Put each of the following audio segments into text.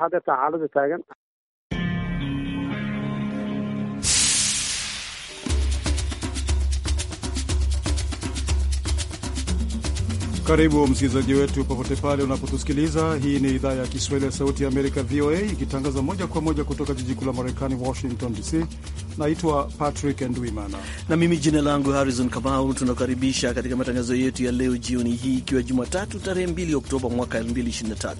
hadataa xaalada taagan Karibu msikilizaji wetu popote pale unapotusikiliza. Hii ni idhaa ya Kiswahili ya Sauti ya Amerika, VOA, ikitangaza moja kwa moja kutoka jiji kuu la Marekani, Washington DC. Naitwa Patrick Ndwimana na mimi jina langu Harrison Kamau. Tunakaribisha katika matangazo yetu ya leo jioni hii, ikiwa Jumatatu tarehe 2 Oktoba mwaka 2023.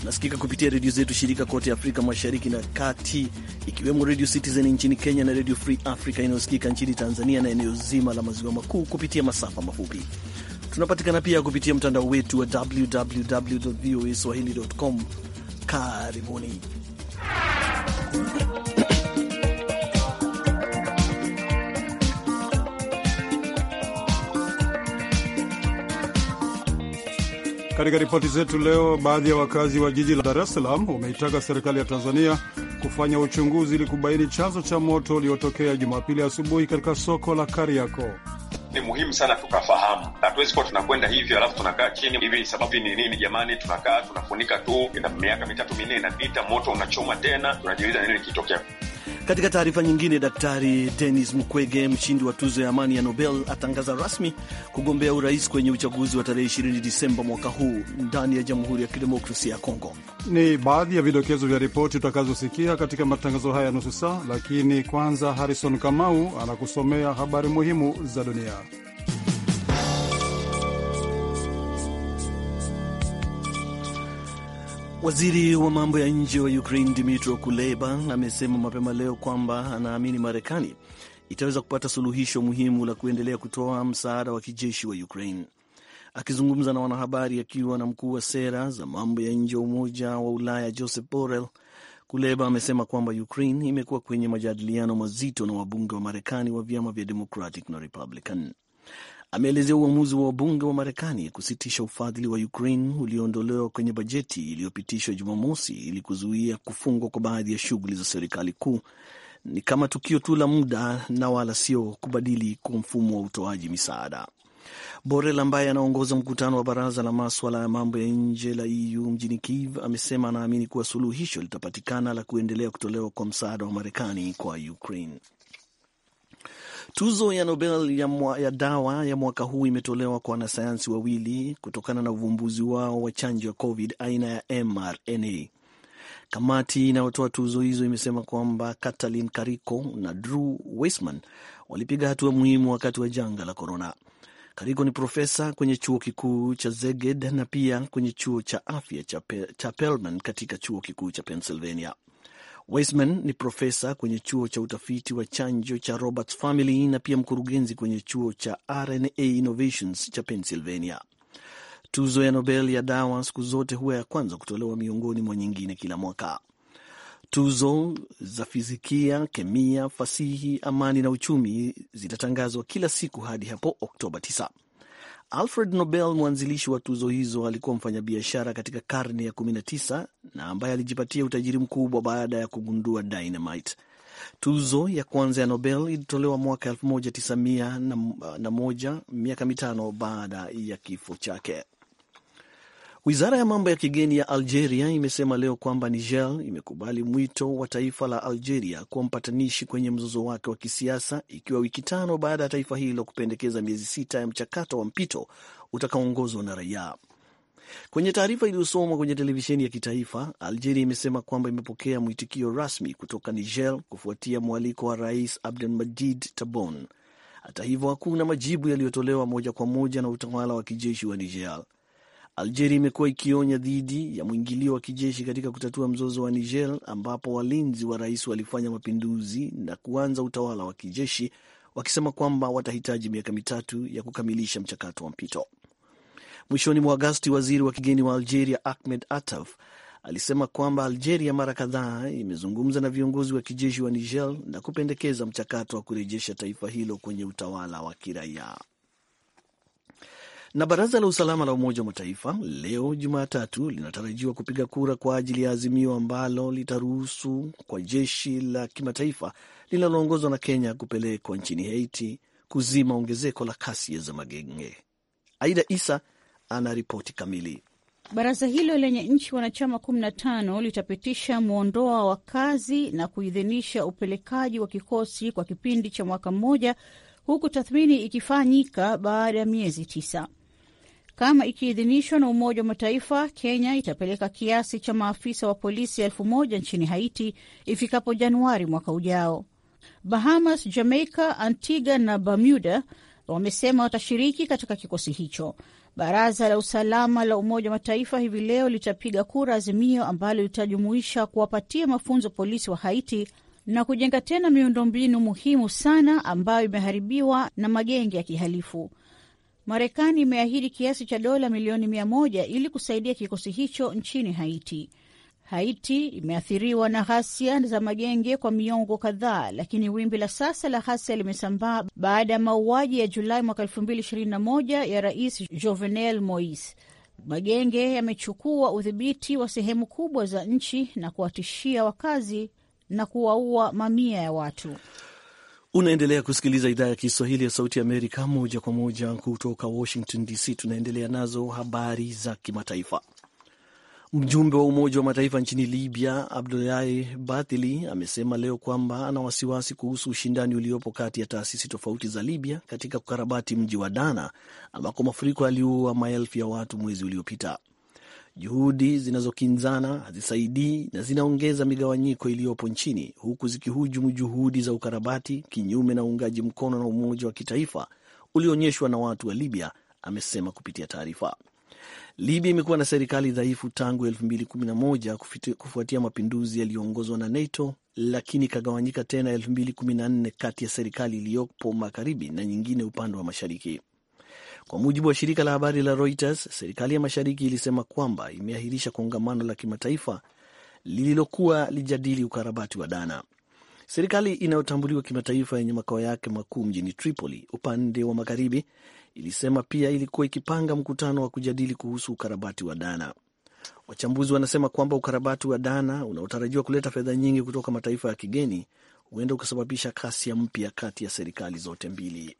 Tunasikika kupitia redio zetu shirika kote Afrika Mashariki na Kati, ikiwemo Redio Citizen nchini Kenya na Redio Free Africa inayosikika nchini Tanzania na eneo zima la Maziwa Makuu kupitia masafa mafupi Tunapatikana pia kupitia mtandao wetu wa www voa www.voaswahili.com. Karibuni. Katika ripoti zetu leo, baadhi ya wakazi wa jiji la Dar es Salaam wameitaka serikali ya Tanzania kufanya uchunguzi ili kubaini chanzo cha moto uliotokea Jumapili asubuhi katika soko la Kariakoo ni muhimu sana tukafahamu. Hatuwezi kuwa tunakwenda hivyo alafu tunakaa chini hivi, sababu ni nini jamani? Tunakaa tunafunika tu, ina miaka mitatu minne inapita, moto unachoma tena, tunajiuliza nini kitokea. Katika taarifa nyingine, Daktari Denis Mukwege, mshindi wa tuzo ya amani ya Nobel, atangaza rasmi kugombea urais kwenye uchaguzi wa tarehe 20 Disemba mwaka huu ndani ya Jamhuri ya Kidemokrasia ya Kongo. Ni baadhi ya vidokezo vya ripoti utakazosikia katika matangazo haya ya nusu saa, lakini kwanza, Harrison Kamau anakusomea habari muhimu za dunia. Waziri wa mambo ya nje wa Ukraine Dmytro Kuleba amesema mapema leo kwamba anaamini Marekani itaweza kupata suluhisho muhimu la kuendelea kutoa msaada wa kijeshi wa Ukraine. Akizungumza na wanahabari akiwa na mkuu wa sera za mambo ya nje wa Umoja wa Ulaya Joseph Borrell, Kuleba amesema kwamba Ukraine imekuwa kwenye majadiliano mazito na wabunge wa Marekani wa vyama vya Democratic na Republican ameelezea uamuzi wa wabunge wa Marekani kusitisha ufadhili wa Ukraine ulioondolewa kwenye bajeti iliyopitishwa Jumamosi ili kuzuia kufungwa kwa baadhi ya shughuli za serikali kuu ni kama tukio tu la muda na wala sio kubadili kwa mfumo wa utoaji misaada. Borel ambaye anaongoza mkutano wa baraza la maswala ya mambo ya nje la EU mjini Kiev amesema anaamini kuwa suluhisho litapatikana la kuendelea kutolewa kwa msaada wa Marekani kwa Ukraine. Tuzo ya Nobel ya, mwa, ya dawa ya mwaka huu imetolewa kwa wanasayansi wawili kutokana na uvumbuzi wao wa chanjo ya COVID aina ya mRNA. Kamati inayotoa tuzo hizo imesema kwamba Katalin Kariko na Drew Weissman walipiga hatua muhimu wakati wa janga la korona. Kariko ni profesa kwenye chuo kikuu cha Zeged na pia kwenye chuo cha afya cha Pelman katika chuo kikuu cha Pennsylvania. Weisman ni profesa kwenye chuo cha utafiti wa chanjo cha Roberts Family na pia mkurugenzi kwenye chuo cha RNA Innovations cha Pennsylvania. Tuzo ya Nobel ya dawa siku zote huwa ya kwanza kutolewa miongoni mwa nyingine kila mwaka. Tuzo za fizikia, kemia, fasihi, amani na uchumi zitatangazwa kila siku hadi hapo Oktoba 9. Alfred Nobel, mwanzilishi wa tuzo hizo, alikuwa mfanyabiashara katika karne ya 19 na ambaye alijipatia utajiri mkubwa baada ya kugundua dynamite. Tuzo ya kwanza ya Nobel ilitolewa mwaka 1901 miaka mitano baada ya kifo chake. Wizara ya mambo ya kigeni ya Algeria imesema leo kwamba Niger imekubali mwito wa taifa la Algeria kuwa mpatanishi kwenye mzozo wake wa kisiasa, ikiwa wiki tano baada ya taifa hilo kupendekeza miezi sita ya mchakato wa mpito utakaoongozwa na raia. Kwenye taarifa iliyosomwa kwenye televisheni ya kitaifa, Algeria imesema kwamba imepokea mwitikio rasmi kutoka Niger kufuatia mwaliko wa Rais Abdelmadjid Tabon. Hata hivyo, hakuna majibu yaliyotolewa moja kwa moja na utawala wa kijeshi wa Niger. Algeria imekuwa ikionya dhidi ya mwingilio wa kijeshi katika kutatua mzozo wa Niger, ambapo walinzi wa rais walifanya mapinduzi na kuanza utawala wa kijeshi, wakisema kwamba watahitaji miaka mitatu ya kukamilisha mchakato wa mpito. Mwishoni mwa Agasti, waziri wa kigeni wa Algeria Ahmed Attaf alisema kwamba Algeria mara kadhaa imezungumza na viongozi wa kijeshi wa Niger na kupendekeza mchakato wa kurejesha taifa hilo kwenye utawala wa kiraia. Na baraza la usalama la Umoja wa Mataifa leo Jumatatu linatarajiwa kupiga kura kwa ajili ya azimio ambalo litaruhusu kwa jeshi la kimataifa linaloongozwa na Kenya kupelekwa nchini Haiti kuzima ongezeko la kasi za magenge. Aida Isa ana ripoti kamili. Baraza hilo lenye nchi wanachama 15 litapitisha mwondoa wa kazi na kuidhinisha upelekaji wa kikosi kwa kipindi cha mwaka mmoja huku tathmini ikifanyika baada ya miezi tisa. Kama ikiidhinishwa na Umoja wa Mataifa, Kenya itapeleka kiasi cha maafisa wa polisi elfu moja nchini Haiti ifikapo Januari mwaka ujao. Bahamas, Jamaica, Antigua na Bermuda wamesema watashiriki katika kikosi hicho. Baraza la Usalama la Umoja wa Mataifa hivi leo litapiga kura azimio ambalo litajumuisha kuwapatia mafunzo polisi wa Haiti na kujenga tena miundombinu muhimu sana ambayo imeharibiwa na magenge ya kihalifu. Marekani imeahidi kiasi cha dola milioni mia moja ili kusaidia kikosi hicho nchini Haiti. Haiti imeathiriwa na ghasia za magenge kwa miongo kadhaa, lakini wimbi la sasa la ghasia limesambaa baada ya mauaji ya Julai mwaka 2021 ya Rais Jovenel Moise. Magenge yamechukua udhibiti wa sehemu kubwa za nchi na kuwatishia wakazi na kuwaua mamia ya watu. Unaendelea kusikiliza idhaa ya Kiswahili ya Sauti ya Amerika moja kwa moja kutoka Washington DC. Tunaendelea nazo habari za kimataifa. Mjumbe wa Umoja wa Mataifa nchini Libya, Abdulahi Bathily, amesema leo kwamba ana wasiwasi kuhusu ushindani uliopo kati ya taasisi tofauti za Libya katika kukarabati mji wa Dana ambako mafuriko yaliua maelfu ya watu mwezi uliopita. Juhudi zinazokinzana hazisaidii na zinaongeza migawanyiko iliyopo nchini, huku zikihujumu juhudi za ukarabati, kinyume na uungaji mkono na umoja wa kitaifa ulioonyeshwa na watu wa Libya, amesema kupitia taarifa. Libya imekuwa na serikali dhaifu tangu 2011 kufuatia mapinduzi yaliyoongozwa na NATO, lakini ikagawanyika tena 2014 kati ya serikali iliyopo magharibi na nyingine upande wa mashariki. Kwa mujibu wa shirika la habari la Reuters, serikali ya Mashariki ilisema kwamba imeahirisha kongamano la kimataifa lililokuwa lijadili ukarabati wa Dana. Serikali inayotambuliwa kimataifa yenye makao yake makuu mjini Tripoli, upande wa magharibi, ilisema pia ilikuwa ikipanga mkutano wa kujadili kuhusu ukarabati wa Dana. Wachambuzi wanasema kwamba ukarabati wa Dana unaotarajiwa kuleta fedha nyingi kutoka mataifa ya kigeni huenda ukasababisha kasia mpya kati ya serikali zote mbili.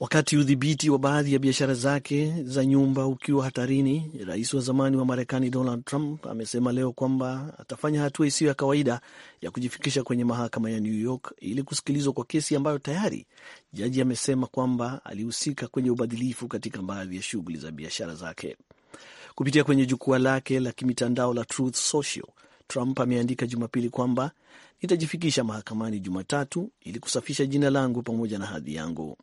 Wakati udhibiti wa baadhi ya biashara zake za nyumba ukiwa hatarini, rais wa zamani wa Marekani Donald Trump amesema leo kwamba atafanya hatua isiyo ya kawaida ya kujifikisha kwenye mahakama ya New York ili kusikilizwa kwa kesi ambayo tayari jaji amesema kwamba alihusika kwenye ubadhilifu katika baadhi ya shughuli za biashara zake. Kupitia kwenye jukwaa lake la kimitandao la Truth Social, Trump ameandika Jumapili kwamba nitajifikisha mahakamani Jumatatu ili kusafisha jina langu pamoja na hadhi yangu.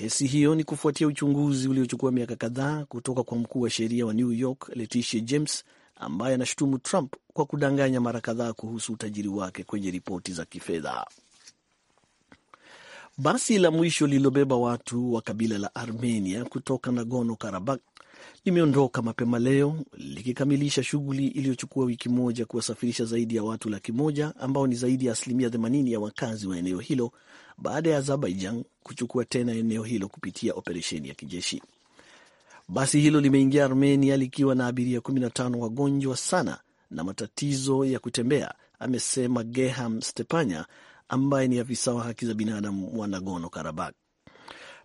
Kesi hiyo ni kufuatia uchunguzi uliochukua miaka kadhaa kutoka kwa mkuu wa sheria wa New York Letitia James ambaye anashutumu Trump kwa kudanganya mara kadhaa kuhusu utajiri wake kwenye ripoti za kifedha. Basi la mwisho lililobeba watu wa kabila la Armenia kutoka Nagorno Karabakh limeondoka mapema leo likikamilisha shughuli iliyochukua wiki moja kuwasafirisha zaidi ya watu laki moja ambao ni zaidi ya asilimia 80 ya wakazi wa eneo hilo baada ya Azerbaijan kuchukua tena eneo hilo kupitia operesheni ya kijeshi. Basi hilo limeingia Armenia likiwa na abiria 15 wagonjwa sana na matatizo ya kutembea, amesema Geham Stepanya ambaye ni afisa wa haki za binadamu wa nagono Karabakh.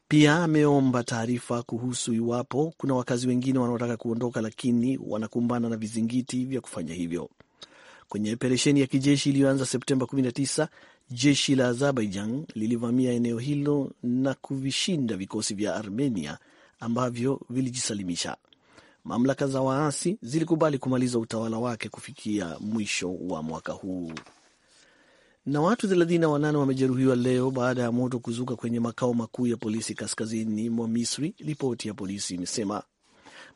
Pia ameomba taarifa kuhusu iwapo kuna wakazi wengine wanaotaka kuondoka lakini wanakumbana na vizingiti vya kufanya hivyo. Kwenye operesheni ya kijeshi iliyoanza Septemba 19, jeshi la Azerbaijan lilivamia eneo hilo na kuvishinda vikosi vya Armenia ambavyo vilijisalimisha. Mamlaka za waasi zilikubali kumaliza utawala wake kufikia mwisho wa mwaka huu. Na watu 38 wamejeruhiwa leo baada ya moto kuzuka kwenye makao makuu ya polisi kaskazini mwa Misri, ripoti ya polisi imesema.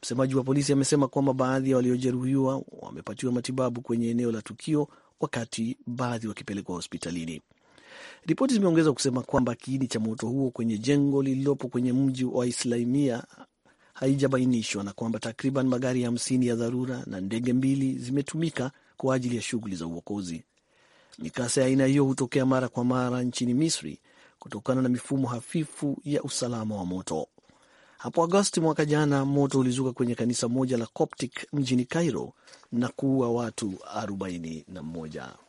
Msemaji wa polisi amesema kwamba baadhi ya waliojeruhiwa wamepatiwa matibabu kwenye eneo la tukio, wakati baadhi wakipelekwa hospitalini. Ripoti zimeongeza kusema kwamba kiini cha moto huo kwenye jengo lililopo kwenye mji wa Islamia haijabainishwa na kwamba takriban magari hamsini ya dharura na ndege mbili zimetumika kwa ajili ya shughuli za uokozi. Mikasa ya aina hiyo hutokea mara kwa mara nchini Misri kutokana na mifumo hafifu ya usalama wa moto. Hapo Agosti mwaka jana, moto ulizuka kwenye kanisa moja la Coptic mjini Cairo na kuua watu 41.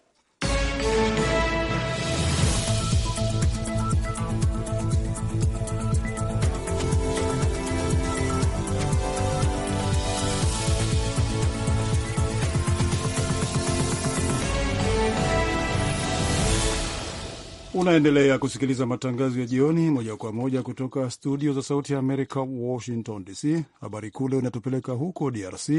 Unaendelea kusikiliza matangazo ya jioni moja kwa moja kutoka studio za Sauti ya Amerika, Washington DC. Habari kuu leo inatupeleka huko DRC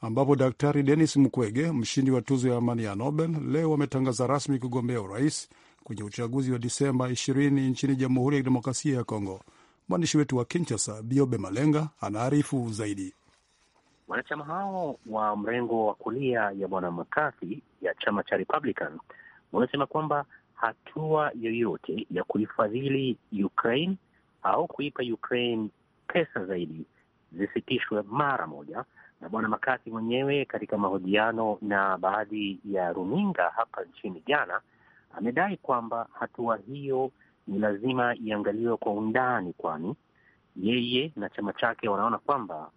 ambapo Daktari Denis Mukwege, mshindi wa tuzo ya amani ya Nobel, leo ametangaza rasmi kugombea urais kwenye uchaguzi wa Disemba 20 nchini Jamhuri ya Kidemokrasia ya Kongo. Mwandishi wetu wa Kinchasa, Biobe Malenga, anaarifu zaidi. Wanachama hao wa mrengo wa kulia ya bwana McCarthy ya chama cha Republican wamesema kwamba hatua yoyote ya kuifadhili Ukraine au kuipa Ukraine pesa zaidi zisitishwe mara moja. Na bwana Makati mwenyewe katika mahojiano na baadhi ya runinga hapa nchini jana amedai kwamba hatua hiyo ni lazima iangaliwe kwa undani, kwani yeye na chama chake wanaona kwamba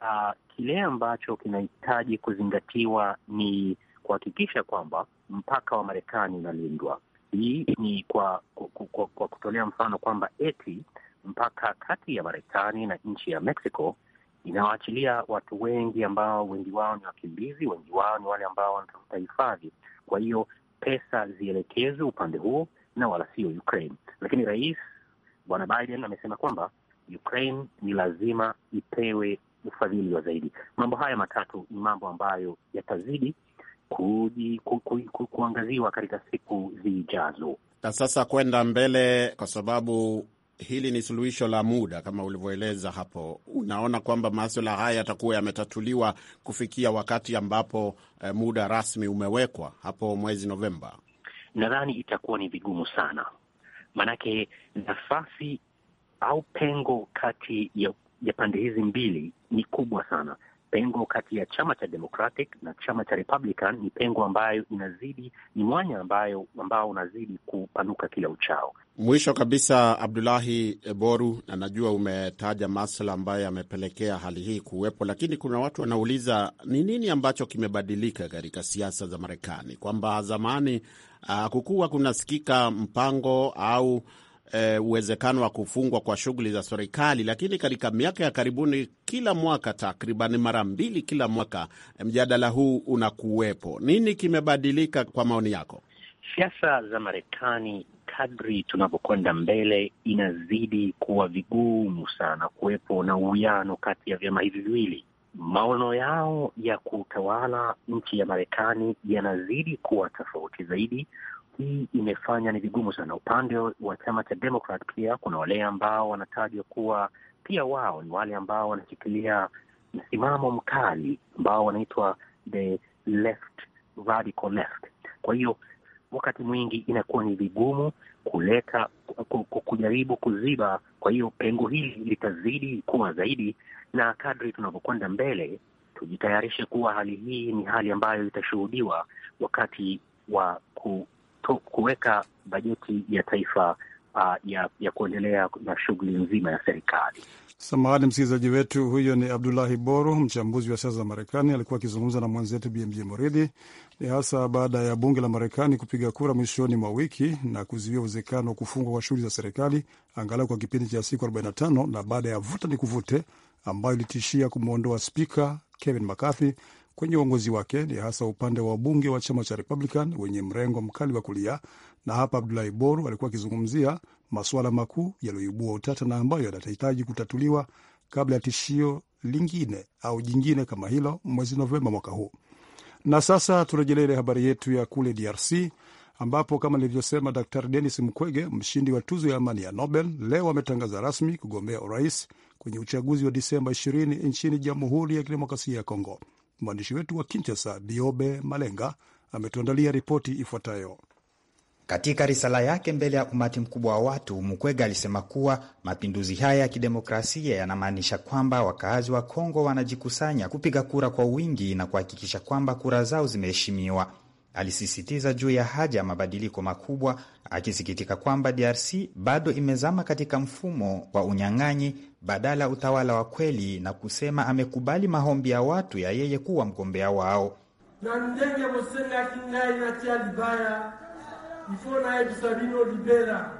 uh, kile ambacho kinahitaji kuzingatiwa ni kuhakikisha kwamba mpaka wa Marekani unalindwa. Hii ni kwa, kwa, kwa, kwa kutolea mfano kwamba eti mpaka kati ya Marekani na nchi ya Mexico inawaachilia watu wengi ambao wengi wao ni wakimbizi, wengi wao ni wale ambao wanatafuta hifadhi. Kwa hiyo pesa zielekezwe upande huo na wala sio Ukraine. Lakini rais bwana Biden amesema kwamba Ukraine ni lazima ipewe ufadhili wa zaidi. Mambo haya matatu ni mambo ambayo yatazidi ku, ku, ku, kuangaziwa katika siku zijazo. Na sasa kwenda mbele, kwa sababu hili ni suluhisho la muda kama ulivyoeleza hapo. Unaona kwamba maswala haya yatakuwa yametatuliwa kufikia wakati ambapo eh, muda rasmi umewekwa hapo mwezi Novemba? Nadhani itakuwa ni vigumu sana, maanake nafasi au pengo kati ya, ya pande hizi mbili ni kubwa sana pengo kati ya chama cha Democratic na chama cha Republican ni pengo ambayo inazidi, ni mwanya ambayo ambao unazidi kupanuka kila uchao. Mwisho kabisa, Abdulahi Boru, na najua umetaja masuala ambayo yamepelekea hali hii kuwepo, lakini kuna watu wanauliza ni nini ambacho kimebadilika katika siasa za Marekani, kwamba zamani uh, ah, kukuwa kunasikika mpango au Eh, uwezekano e, wa kufungwa kwa shughuli za serikali, lakini katika miaka ya karibuni, kila mwaka takriban mara mbili kila mwaka mjadala huu unakuwepo. Nini kimebadilika kwa maoni yako? Siasa za Marekani kadri tunavyokwenda mbele inazidi kuwa vigumu sana kuwepo na uwiano kati ya vyama hivi viwili. Maono yao ya kutawala nchi ya Marekani yanazidi kuwa tofauti zaidi, hii imefanya ni vigumu sana. Upande wa chama cha Democrat pia kuna wale ambao wanatajwa kuwa pia wao ni wale ambao wanashikilia msimamo mkali ambao wanaitwa the left radical left. Kwa hiyo wakati mwingi inakuwa ni vigumu kuleta kujaribu kuziba. Kwa hiyo pengo hili litazidi kuwa zaidi, na kadri tunavyokwenda mbele, tujitayarishe kuwa hali hii ni hali ambayo itashuhudiwa wakati wa ku kuweka bajeti ya taifa uh, ya, ya kuendelea na shughuli nzima ya serikali. Samahani msikilizaji wetu, huyo ni Abdulahi Boru, mchambuzi wa siasa za Marekani, alikuwa akizungumza na mwenzetu BMJ Moridi. Ni e, hasa baada ya bunge la Marekani kupiga kura mwishoni mwa wiki na kuzuia uwezekano wa kufungwa kwa shughuli za serikali angalau kwa kipindi cha siku 45 na baada ya vuta ni kuvute ambayo ilitishia kumwondoa spika Kevin McCarthy kwenye uongozi wake ni hasa upande wa wabunge wa chama cha Republican wenye mrengo mkali wa kulia, na hapa Abdulahi Boru alikuwa akizungumzia masuala makuu yaliyoibua utata na ambayo yanahitaji kutatuliwa kabla ya tishio lingine au jingine kama hilo mwezi Novemba mwaka huu. Na sasa turejelee ile habari yetu ya kule DRC ambapo kama nilivyosema, Daktari Denis Mkwege, mshindi wa tuzo ya amani ya Nobel, leo ametangaza rasmi kugombea urais kwenye uchaguzi wa Disemba 20 nchini Jamhuri ya Kidemokrasia ya Kongo. Mwandishi wetu wa Kinchasa, Biobe Malenga, ametuandalia ripoti ifuatayo. Katika risala yake mbele ya umati mkubwa wa watu, Mukwege alisema kuwa mapinduzi haya ya kidemokrasia yanamaanisha kwamba wakaazi wa Kongo wanajikusanya kupiga kura kwa wingi na kuhakikisha kwamba kura zao zimeheshimiwa. Alisisitiza juu ya haja ya mabadiliko makubwa akisikitika kwamba DRC bado imezama katika mfumo wa unyang'anyi badala ya utawala wa kweli, na kusema amekubali maombi ya watu ya yeye kuwa mgombea wao.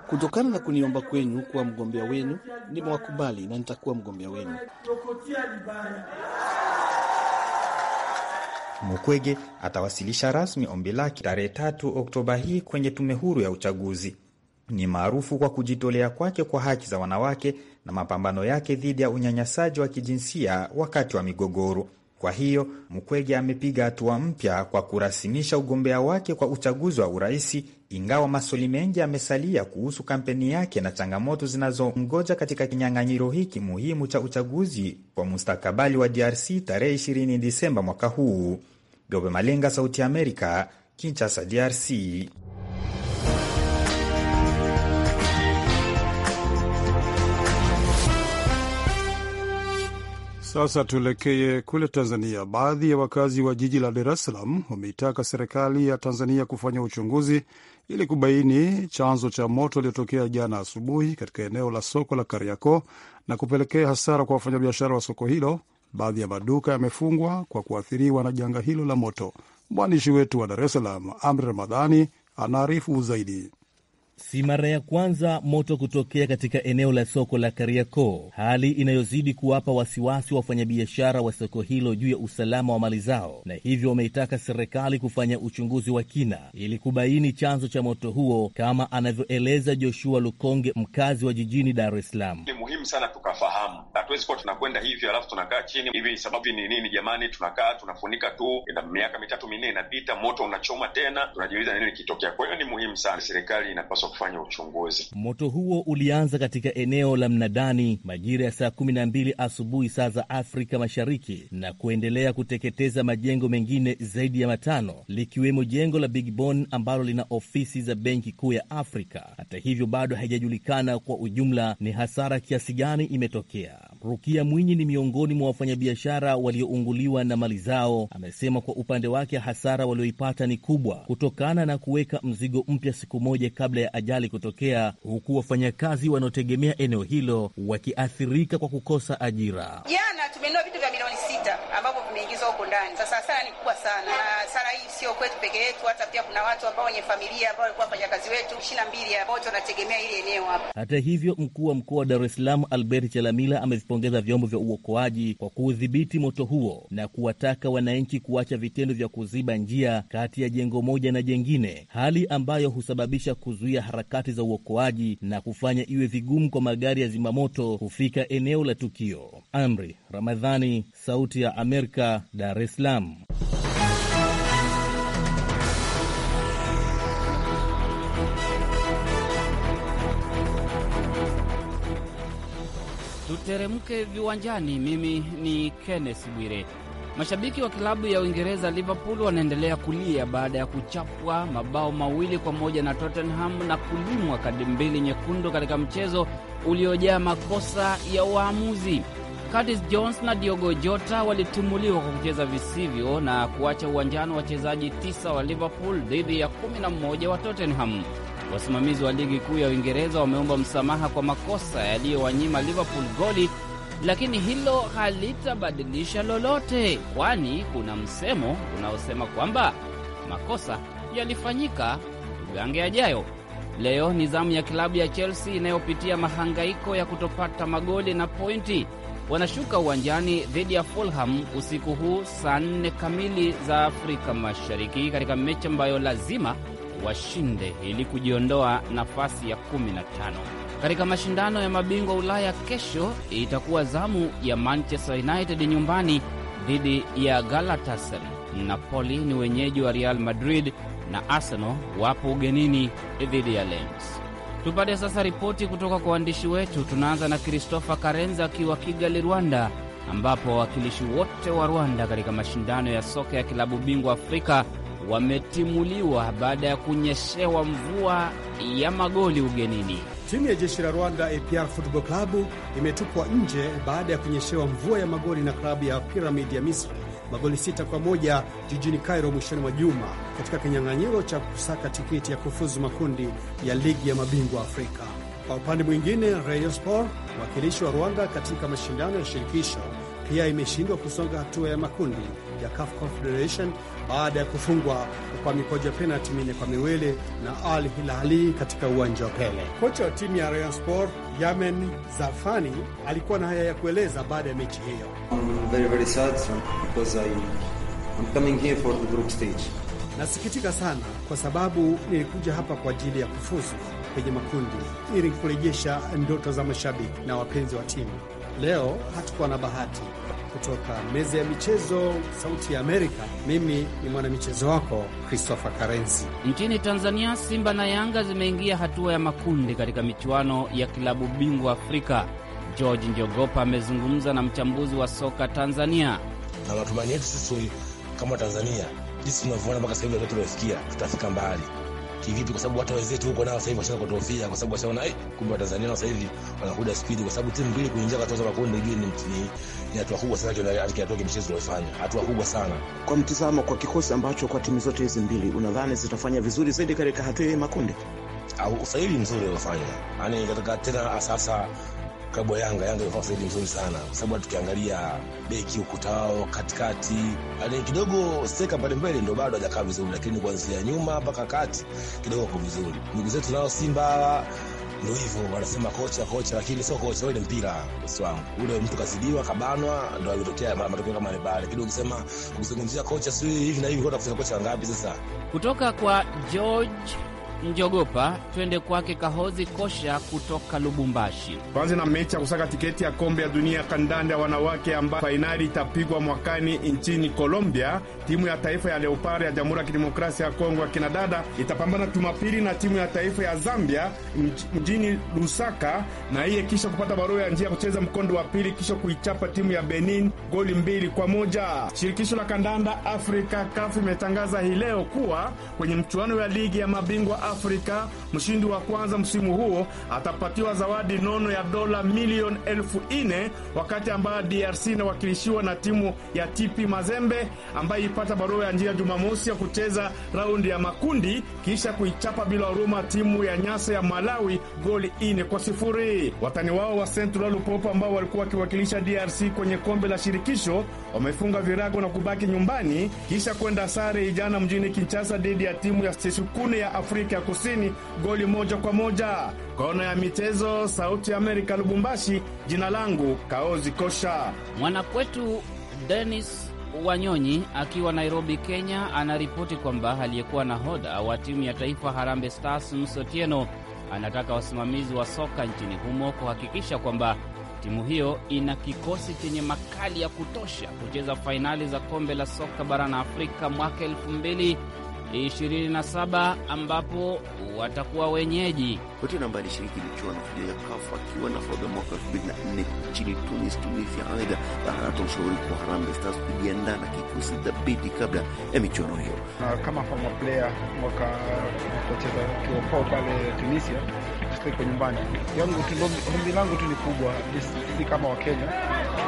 Kutokana na kuniomba kwenu kuwa mgombea wenu, nimewakubali na nitakuwa mgombea wenu. Mukwege atawasilisha rasmi ombi lake tarehe tatu Oktoba hii kwenye tume huru ya uchaguzi. Ni maarufu kwa kujitolea kwake kwa haki za wanawake na mapambano yake dhidi ya unyanyasaji wa kijinsia wakati wa migogoro. Kwa hiyo Mkwege amepiga hatua mpya kwa kurasimisha ugombea wake kwa uchaguzi wa uraisi, ingawa maswali mengi yamesalia kuhusu kampeni yake na changamoto zinazomgoja katika kinyang'anyiro hiki muhimu cha uchaguzi kwa mustakabali wa DRC tarehe 20 Disemba mwaka huu. Gobe Malenga, Sauti ya Amerika, Kinshasa, DRC. Sasa tuelekee kule Tanzania. Baadhi ya wakazi wa jiji la Dar es Salaam wameitaka serikali ya Tanzania kufanya uchunguzi ili kubaini chanzo cha moto uliotokea jana asubuhi katika eneo la soko la Kariakoo na kupelekea hasara kwa wafanyabiashara wa soko hilo. Baadhi ya maduka yamefungwa kwa kuathiriwa na janga hilo la moto. Mwandishi wetu wa Dar es Salaam, Amri Ramadhani, anaarifu zaidi. Si mara ya kwanza moto kutokea katika eneo la soko la Kariakoo, hali inayozidi kuwapa wasiwasi wa wafanyabiashara wa soko hilo juu ya usalama wa mali zao, na hivyo wameitaka serikali kufanya uchunguzi wa kina ili kubaini chanzo cha moto huo, kama anavyoeleza Joshua Lukonge, mkazi wa jijini Dar es Salaam. Ni muhimu sana tukafahamu, hatuwezi kuwa tunakwenda hivyo alafu tunakaa chini hivi, sababu ni nini jamani? Tunakaa tunafunika tu, na miaka mitatu minne inapita, moto unachoma tena, tunajiuliza nini kitokea. Kwa hiyo ni muhimu sana serikali inapaswa inapaswa kufanya uchunguzi. Moto huo ulianza katika eneo la Mnadani majira ya saa kumi na mbili asubuhi saa za Afrika Mashariki na kuendelea kuteketeza majengo mengine zaidi ya matano likiwemo jengo la Big Bon ambalo lina ofisi za Benki Kuu ya Afrika. Hata hivyo, bado haijajulikana kwa ujumla ni hasara kiasi gani imetokea. Rukia Mwinyi ni miongoni mwa wafanyabiashara waliounguliwa na mali zao. Amesema kwa upande wake hasara walioipata ni kubwa kutokana na kuweka mzigo mpya siku moja kabla ya ajali kutokea, huku wafanyakazi wanaotegemea eneo hilo wakiathirika kwa kukosa ajira. Jana tumenunua vitu vya milioni sasa ni kubwa sana, na sala hii sio kwetu peke yetu, hata pia kuna watu ambao wenye familia ambao walikuwa wafanyakazi wetu ishirini na mbili ambao wanategemea hili eneo hapa. Hata hivyo, mkuu wa mkoa wa Dar es Salaam Albert Chalamila amevipongeza vyombo vya uokoaji kwa kuudhibiti moto huo na kuwataka wananchi kuacha vitendo vya kuziba njia kati ya jengo moja na jengine, hali ambayo husababisha kuzuia harakati za uokoaji na kufanya iwe vigumu kwa magari ya zimamoto kufika eneo la tukio. Amri Ramadhani, Sauti ya Amerika, Dar es Salaam. Salaam. Tuteremke viwanjani. Mimi ni Kenneth Bwire. Mashabiki wa klabu ya Uingereza Liverpool wanaendelea kulia baada ya kuchapwa mabao mawili kwa moja na Tottenham na kulimwa kadi mbili nyekundu katika mchezo uliojaa makosa ya waamuzi. Curtis Jones na Diogo Jota walitumuliwa kwa kucheza visivyo na kuacha uwanjani wachezaji tisa wa Liverpool dhidi ya kumi na mmoja wa Tottenham. Wasimamizi wa ligi kuu ya Uingereza wameomba msamaha kwa makosa yaliyowanyima Liverpool goli, lakini hilo halitabadilisha lolote, kwani kuna msemo unaosema kwamba makosa yalifanyika, ugange yajayo. Leo ni zamu ya klabu ya Chelsea inayopitia mahangaiko ya kutopata magoli na pointi wanashuka uwanjani dhidi ya Fulham usiku huu saa nne kamili za Afrika Mashariki, katika mechi ambayo lazima washinde ili kujiondoa nafasi ya 15 katika mashindano ya mabingwa Ulaya. Kesho itakuwa zamu ya Manchester United nyumbani dhidi ya Galatasaray. Napoli ni wenyeji wa Real Madrid na Arsenal wapo ugenini dhidi ya Lens. Tupate sasa ripoti kutoka kwa waandishi wetu. Tunaanza na Christopher Karenza akiwa Kigali, Rwanda, ambapo wawakilishi wote wa Rwanda katika mashindano ya soka ya kilabu bingwa Afrika wametimuliwa baada ya kunyeshewa mvua ya magoli ugenini. Timu ya jeshi la Rwanda APR Football Club imetupwa nje baada ya kunyeshewa mvua ya magoli na klabu ya Piramidi ya Misri magoli sita kwa moja jijini Cairo mwishoni mwa juma katika kinyang'anyiro cha kusaka tikiti ya kufuzu makundi ya ligi ya mabingwa Afrika. Kwa upande mwingine, Rayon Sport, mwakilishi wa Rwanda katika mashindano ya shirikisho pia imeshindwa kusonga hatua ya makundi ya CAF Confederation baada ya kufungwa kwa mikojo ya penalti minne kwa miwili na Al Hilali katika uwanja wa Pele. Kocha wa timu ya Rayon Sport Yamen Zafani alikuwa na haya ya kueleza baada ya mechi hiyo. Nasikitika sana kwa sababu nilikuja hapa kwa ajili ya kufuzu kwenye makundi ili kurejesha ndoto za mashabiki na wapenzi wa timu leo hatukuwa na bahati. Kutoka meza ya michezo Sauti ya Amerika, mimi ni mwanamichezo wako Christopher Karenzi. Nchini Tanzania, Simba na Yanga zimeingia hatua ya makundi katika michuano ya klabu bingwa Afrika. George Njogopa amezungumza na mchambuzi wa soka Tanzania. na matumaini yetu sisi kama Tanzania, jinsi tunavyoona mpaka sasa hivi tumefikia, tutafika mbali kivipi, kwa sababu hata wenzetu huko nao sasa hivi washaanza kutofia, kwa sababu washaona eh, kumbe Watanzania sasa hivi wanakuja spidi, kwa sababu timu mbili kuingia katika makundi ligi ni hatua kubwa sana, kinatoka mchezo uliofanya hatua kubwa sana kwa mtizamo, kwa kikosi ambacho kwa timu zote hizi mbili unadhani zitafanya vizuri zaidi katika hatua ya makundi? Usaili mzuri uliofanya, yani katika tena asasa kabla Yanga Yanga imefanya usajili mzuri sana, kwa sababu tukiangalia beki ukuta wao katikati ale kidogo steka pale mbele ndo bado hajakaa vizuri, lakini kuanzia nyuma mpaka kati kidogo kwa vizuri. Ndugu zetu nao Simba ndo hivyo wanasema kocha kocha, lakini sio kocha ule mpira si wangu ule. Mtu kazidiwa kabanwa, ndo alitokea matokeo kama ni pale. kidogo. ukisema kuzungumzia kocha sio hivi na hivi, utakuta kocha ngapi Sasa kutoka kwa George Njogopa twende kwake Kahozi Kosha kutoka Lubumbashi. Tuanze na mechi ya kusaka tiketi ya kombe ya dunia kandanda ya wanawake ambayo fainali itapigwa mwakani nchini Colombia. Timu ya taifa ya Leopard ya Jamhuri ya Kidemokrasia ya Kongo ya kinadada itapambana Jumapili na timu ya taifa ya Zambia mjini Lusaka, na iye kisha kupata barua ya njia ya kucheza mkondo wa pili, kisha kuichapa timu ya Benin goli mbili kwa moja. Shirikisho la kandanda Afrika kafu imetangaza hii leo kuwa kwenye mchuano wa ligi ya mabingwa África Mshindi wa kwanza msimu huo atapatiwa zawadi nono ya dola milioni elfu nne wakati ambayo DRC inawakilishiwa na timu ya TP Mazembe ambayo ipata barua ya njia Jumamosi ya kucheza raundi ya makundi kisha kuichapa bila huruma timu ya Nyasa ya Malawi goli ine kwa sifuri. Watani wao wa Central Lupopo ambao walikuwa wakiwakilisha DRC kwenye kombe la shirikisho wamefunga virago na kubaki nyumbani kisha kwenda sare ijana mjini Kinshasa dhidi ya timu ya Sesukune ya Afrika ya Kusini goli moja kwa moja. Kona ya michezo, Sauti ya Amerika, Lubumbashi. Jina langu Kaozi Kosha. Mwanakwetu Denis Wanyonyi akiwa Nairobi, Kenya, anaripoti kwamba aliyekuwa nahodha wa timu ya taifa Harambee Stars Msotieno anataka wasimamizi wa soka nchini humo kuhakikisha kwamba timu hiyo ina kikosi chenye makali ya kutosha kucheza fainali za kombe la soka barani Afrika mwaka elfu mbili 27 ambapo watakuwa wenyeji. Kote namba alishiriki michuano ya kafu akiwa na foga mwaka nne nchini Tunis, Tunisia. Aidha, anatoa ushauri kwa Harambee Stars kujiandaa na kikosi dhabiti kabla ya michuano hiyo. Kama former player mwaka kucheza kiwapao pale Tunisia iko nyumbani yangu, ombi langu tu ni kubwa, sisi kama Wakenya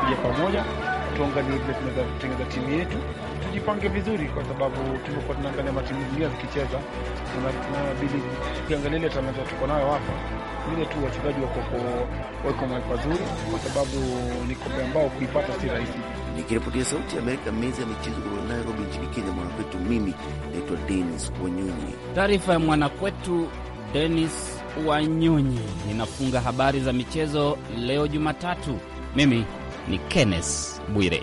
tuje pamoja tuangalie vile tunaweza kutengeneza timu yetu, tujipange vizuri, kwa sababu tumekuwa tunaangalia matimu zingine zikicheza, tunabidi tukiangalia ile tamaza tuko nayo hapa, vile tu wachezaji wako pazuri, kwa sababu ni kombe ambao kuipata si rahisi. Nikiripotia Sauti ya Amerika, meza ya michezo kutoka Nairobi nchini Kenya, mwanakwetu, mimi naitwa Denis Wanyonyi. Taarifa ya mwanakwetu Denis Wanyonyi inafunga habari za michezo leo Jumatatu. Mimi ni Kenneth Bwire.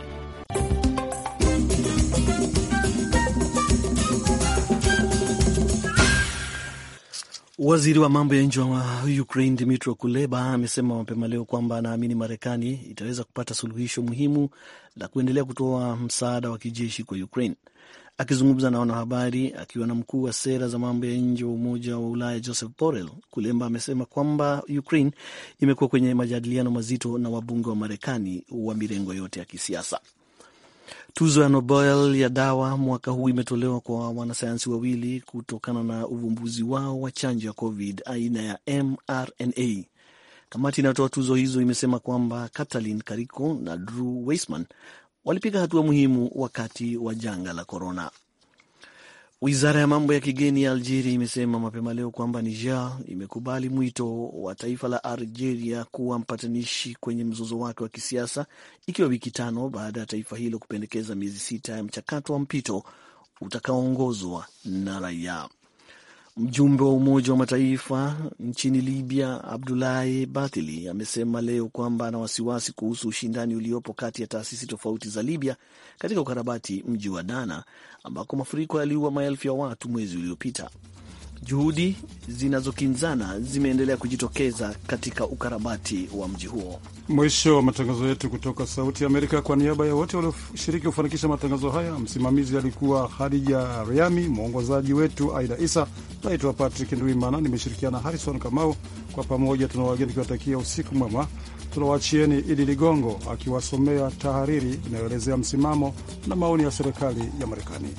Waziri wa mambo ya nje wa Ukraine Dmytro Kuleba amesema mapema leo kwamba anaamini Marekani itaweza kupata suluhisho muhimu la kuendelea kutoa msaada wa kijeshi kwa Ukraine. Akizungumza na wanahabari akiwa na mkuu wa sera za mambo ya nje wa Umoja wa Ulaya Joseph Borrell, Kulemba amesema kwamba Ukraine imekuwa kwenye majadiliano mazito na wabunge wa Marekani wa mirengo yote ya kisiasa. Tuzo ya Nobel ya dawa mwaka huu imetolewa kwa wanasayansi wawili kutokana na uvumbuzi wao wa chanjo ya COVID aina ya mRNA. Kamati inayotoa tuzo hizo imesema kwamba Katalin Kariko na Drew Weissman walipiga hatua muhimu wakati wa janga la korona. Wizara ya mambo ya kigeni ya Algeria imesema mapema leo kwamba Niger imekubali mwito wa taifa la Algeria kuwa mpatanishi kwenye mzozo wake wa kisiasa, ikiwa wiki tano baada ya taifa hilo kupendekeza miezi sita ya mchakato wa mpito utakaoongozwa na raia. Mjumbe wa Umoja wa Mataifa nchini Libya, Abdulahi Batili, amesema leo kwamba ana wasiwasi kuhusu ushindani uliopo kati ya taasisi tofauti za Libya katika ukarabati mji wa Dana ambako mafuriko yaliua maelfu ya watu mwezi uliopita. Juhudi zinazokinzana zimeendelea kujitokeza katika ukarabati wa mji huo. Mwisho wa matangazo yetu kutoka Sauti ya Amerika. Kwa niaba ya wote walioshiriki kufanikisha matangazo haya, msimamizi alikuwa Hadija Riami, mwongozaji wetu Aida Isa. Naitwa Patrick Ndwimana, nimeshirikiana Harrison Kamau. Kwa pamoja tuna wageni tukiwatakia usiku mwema. Tunawachieni Idi Ligongo akiwasomea tahariri inayoelezea msimamo na maoni ya serikali ya Marekani.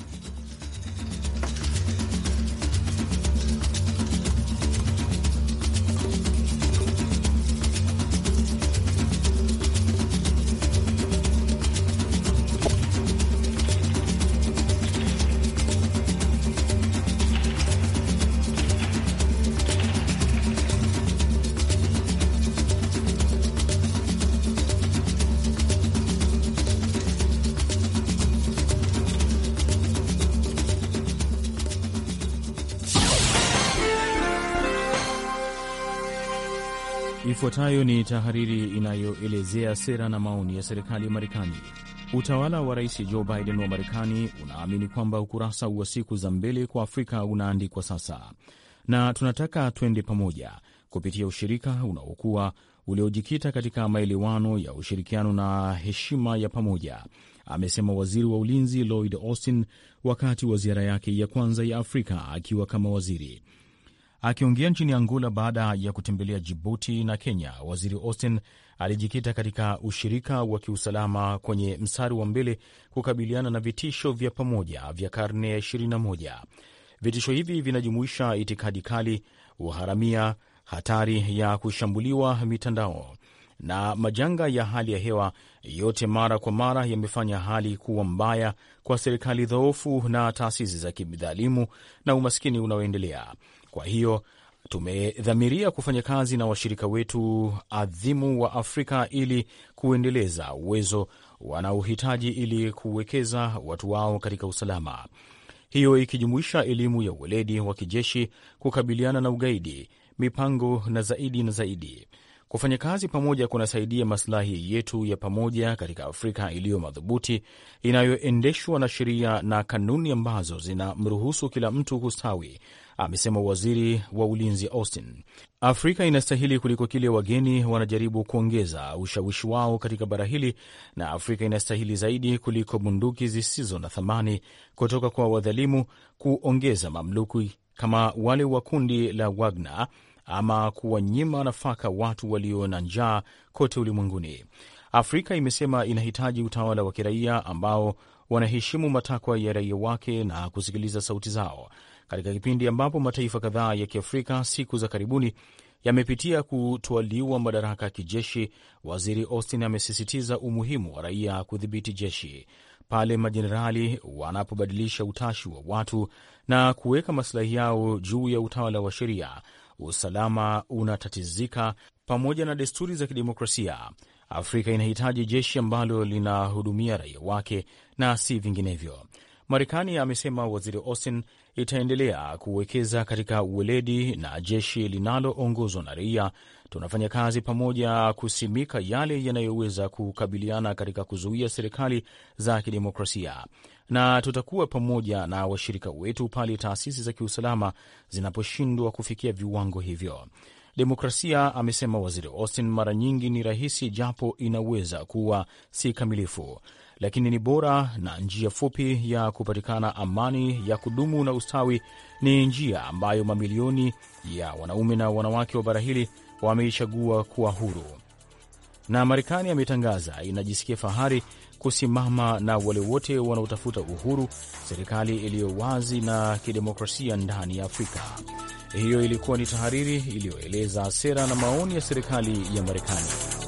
Ifuatayo ni tahariri inayoelezea sera na maoni ya serikali ya Marekani. Utawala wa Rais Joe Biden wa Marekani unaamini kwamba ukurasa wa siku za mbele kwa Afrika unaandikwa sasa, na tunataka twende pamoja kupitia ushirika unaokuwa uliojikita katika maelewano ya ushirikiano na heshima ya pamoja, amesema waziri wa ulinzi Lloyd Austin wakati wa ziara yake ya kwanza ya Afrika akiwa kama waziri. Akiongea nchini Angola baada ya kutembelea Jibuti na Kenya, waziri Austin alijikita katika ushirika wa kiusalama kwenye mstari wa mbele kukabiliana na vitisho vya pamoja vya karne ya 21. Vitisho hivi vinajumuisha itikadi kali, uharamia, hatari ya kushambuliwa mitandao na majanga ya hali ya hewa, yote mara kwa mara yamefanya hali kuwa mbaya kwa serikali dhoofu na taasisi za kidhalimu na umaskini unaoendelea. Kwa hiyo tumedhamiria kufanya kazi na washirika wetu adhimu wa Afrika ili kuendeleza uwezo wanaohitaji ili kuwekeza watu wao katika usalama, hiyo ikijumuisha elimu ya uweledi wa kijeshi, kukabiliana na ugaidi, mipango na zaidi na zaidi. Kufanya kazi pamoja kunasaidia masilahi yetu ya pamoja katika Afrika iliyo madhubuti, inayoendeshwa na sheria na kanuni ambazo zinamruhusu kila mtu kustawi amesema waziri wa ulinzi Austin. Afrika inastahili kuliko kile wageni wanajaribu kuongeza ushawishi wao katika bara hili, na Afrika inastahili zaidi kuliko bunduki zisizo na thamani kutoka kwa wadhalimu kuongeza mamluki kama wale wa kundi la Wagner ama kuwanyima nafaka watu walio na njaa kote ulimwenguni. Afrika imesema inahitaji utawala wa kiraia ambao wanaheshimu matakwa ya raia wake na kusikiliza sauti zao katika kipindi ambapo mataifa kadhaa ya Kiafrika siku za karibuni yamepitia kutwaliwa madaraka ya kijeshi, Waziri Austin amesisitiza umuhimu wa raia kudhibiti jeshi pale majenerali wanapobadilisha utashi wa watu na kuweka masilahi yao juu ya utawala wa sheria, usalama unatatizika pamoja na desturi za kidemokrasia. Afrika inahitaji jeshi ambalo linahudumia raia wake na si vinginevyo, Marekani amesema Waziri Austin itaendelea kuwekeza katika uweledi na jeshi linaloongozwa na raia. Tunafanya kazi pamoja kusimika yale yanayoweza kukabiliana katika kuzuia serikali za kidemokrasia, na tutakuwa pamoja na washirika wetu pale taasisi za kiusalama zinaposhindwa kufikia viwango hivyo. Demokrasia, amesema Waziri Austin, mara nyingi ni rahisi, japo inaweza kuwa si kamilifu lakini ni bora na njia fupi ya kupatikana amani ya kudumu na ustawi. Ni njia ambayo mamilioni ya wanaume na wanawake wa bara hili wameichagua kuwa huru, na Marekani ametangaza inajisikia fahari kusimama na wale wote wanaotafuta uhuru, serikali iliyo wazi na kidemokrasia ndani ya Afrika. Hiyo ilikuwa ni tahariri iliyoeleza sera na maoni ya serikali ya Marekani.